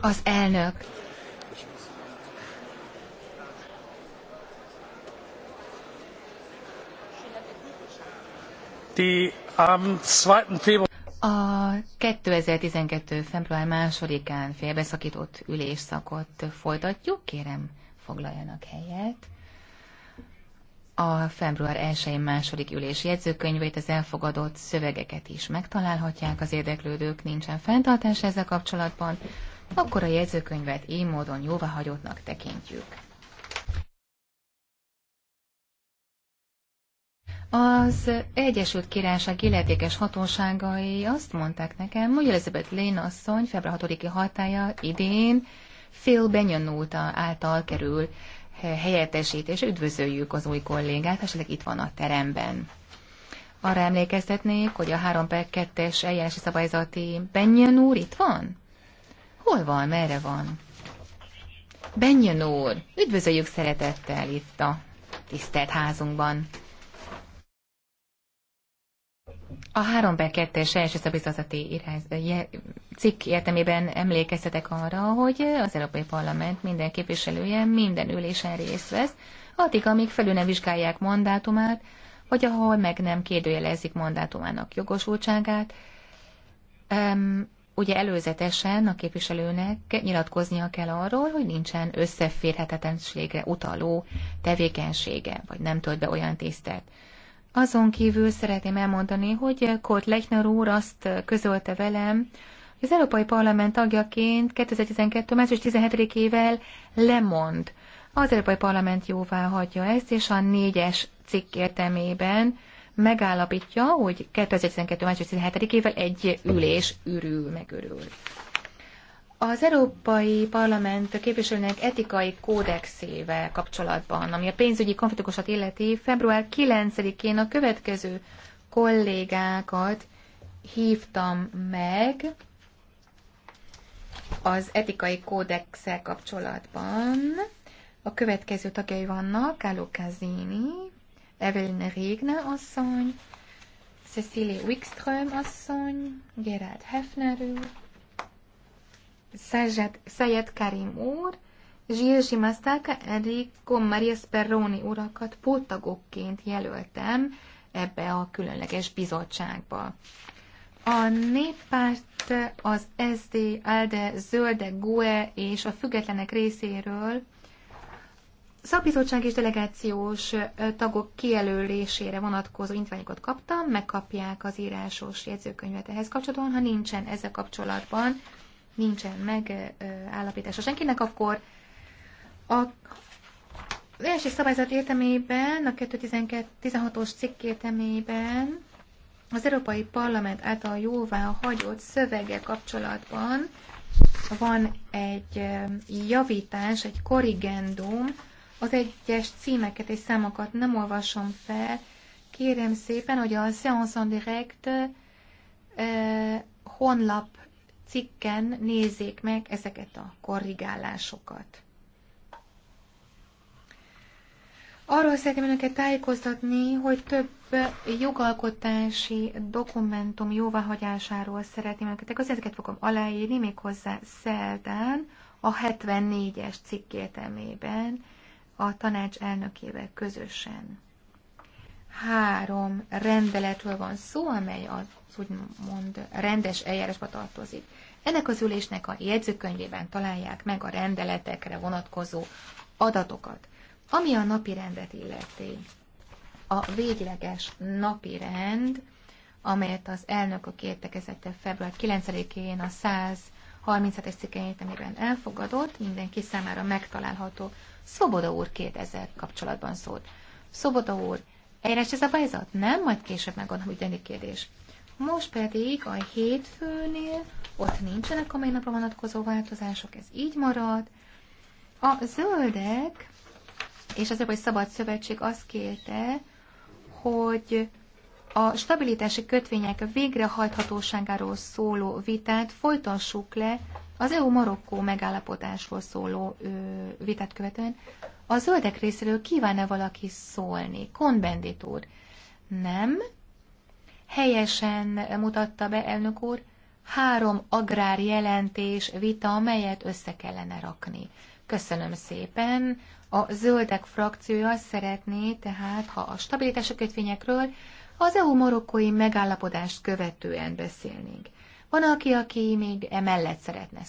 Az elnök. 2. a 2012. február másodikán félbeszakított ülésszakot folytatjuk. Kérem, foglaljanak helyet a február 1-i második ülés jegyzőkönyvét, az elfogadott szövegeket is megtalálhatják az érdeklődők, nincsen fenntartás ezzel kapcsolatban, akkor a jegyzőkönyvet így módon jóváhagyottnak tekintjük. Az Egyesült Királyság illetékes hatóságai azt mondták nekem, hogy Elizabeth Lane asszony február 6-i hatája idén Phil Benyonulta által kerül helyettesít, és üdvözöljük az új kollégát, esetleg itt van a teremben. Arra emlékeztetnék, hogy a 3 per 2-es eljárási szabályzati Benjen úr itt van? Hol van, merre van? Benjen úr, üdvözöljük szeretettel itt a tisztelt házunkban. A 3 per 2-es első szabályzati cikk értelmében emlékeztetek arra, hogy az Európai Parlament minden képviselője minden ülésen részt vesz, addig, amíg felül nem vizsgálják mandátumát, vagy ahol meg nem kérdőjelezik mandátumának jogosultságát. Um, ugye előzetesen a képviselőnek nyilatkoznia kell arról, hogy nincsen összeférhetetlenségre utaló tevékenysége, vagy nem tölt be olyan tisztet. Azon kívül szeretném elmondani, hogy kolt Lechner úr azt közölte velem, hogy az Európai Parlament tagjaként 2012. március 17-ével lemond. Az Európai Parlament jóvá hagyja ezt, és a négyes cikk értelmében megállapítja, hogy 2012. március 17-ével egy ülés ürül, megörül. Az Európai Parlament képviselőnek etikai kódexével kapcsolatban, ami a pénzügyi konfliktusokat illeti, február 9-én a következő kollégákat hívtam meg az etikai kódexel kapcsolatban. A következő tagjai vannak Kálo Kazini, Evelyn Régner asszony, Cecilie Wikström asszony, Gerard Hefner úr, Szajed Karim úr, Zsírzsi Masztáka, Enrico Maria Sperroni urakat pótagokként jelöltem ebbe a különleges bizottságba. A néppárt az SD, ALDE, Zöldek, GUE és a függetlenek részéről szakbizottság és delegációs tagok kijelölésére vonatkozó intványokat kaptam, megkapják az írásos jegyzőkönyvet ehhez kapcsolatban, ha nincsen ezzel kapcsolatban nincsen megállapítása senkinek, akkor a első szabályzat értelmében, a 2016-os cikk értelmében az Európai Parlament által jóvá hagyott szövege kapcsolatban van egy javítás, egy korrigendum, az egyes címeket és számokat nem olvasom fel. Kérem szépen, hogy a Seance en Direct honlap cikken nézzék meg ezeket a korrigálásokat. Arról szeretném önöket tájékoztatni, hogy több jogalkotási dokumentum jóváhagyásáról szeretném önöket. Az ezeket fogom aláírni méghozzá szerdán a 74-es cikk értelmében a tanács elnökével közösen három rendeletről van szó, amely az úgymond rendes eljárásba tartozik. Ennek az ülésnek a jegyzőkönyvében találják meg a rendeletekre vonatkozó adatokat, ami a napi rendet illeti. A végleges napi rend, amelyet az elnökök értekezete február 9-én a 137-es cikkenyét, amiben elfogadott, mindenki számára megtalálható. Szoboda úr kérdezett kapcsolatban szólt. Szoboda úr, Egyrészt ez a bajzat? Nem, majd később megadom, hogy ennyi kérdés. Most pedig a hétfőnél ott nincsenek a mai napra vonatkozó változások, ez így marad. A zöldek és az Európai Szabad Szövetség azt kérte, hogy a stabilitási kötvények végrehajthatóságáról szóló vitát folytassuk le az EU-Marokkó megállapodásról szóló ö, vitát követően a zöldek részéről kíván-e valaki szólni? Konbendit úr. Nem. Helyesen mutatta be elnök úr, három agrárjelentés vita, amelyet össze kellene rakni. Köszönöm szépen. A zöldek frakciója szeretné tehát, ha a stabilitási kötvényekről az EU-marokkói megállapodást követően beszélnénk. Van, aki, aki még emellett szeretne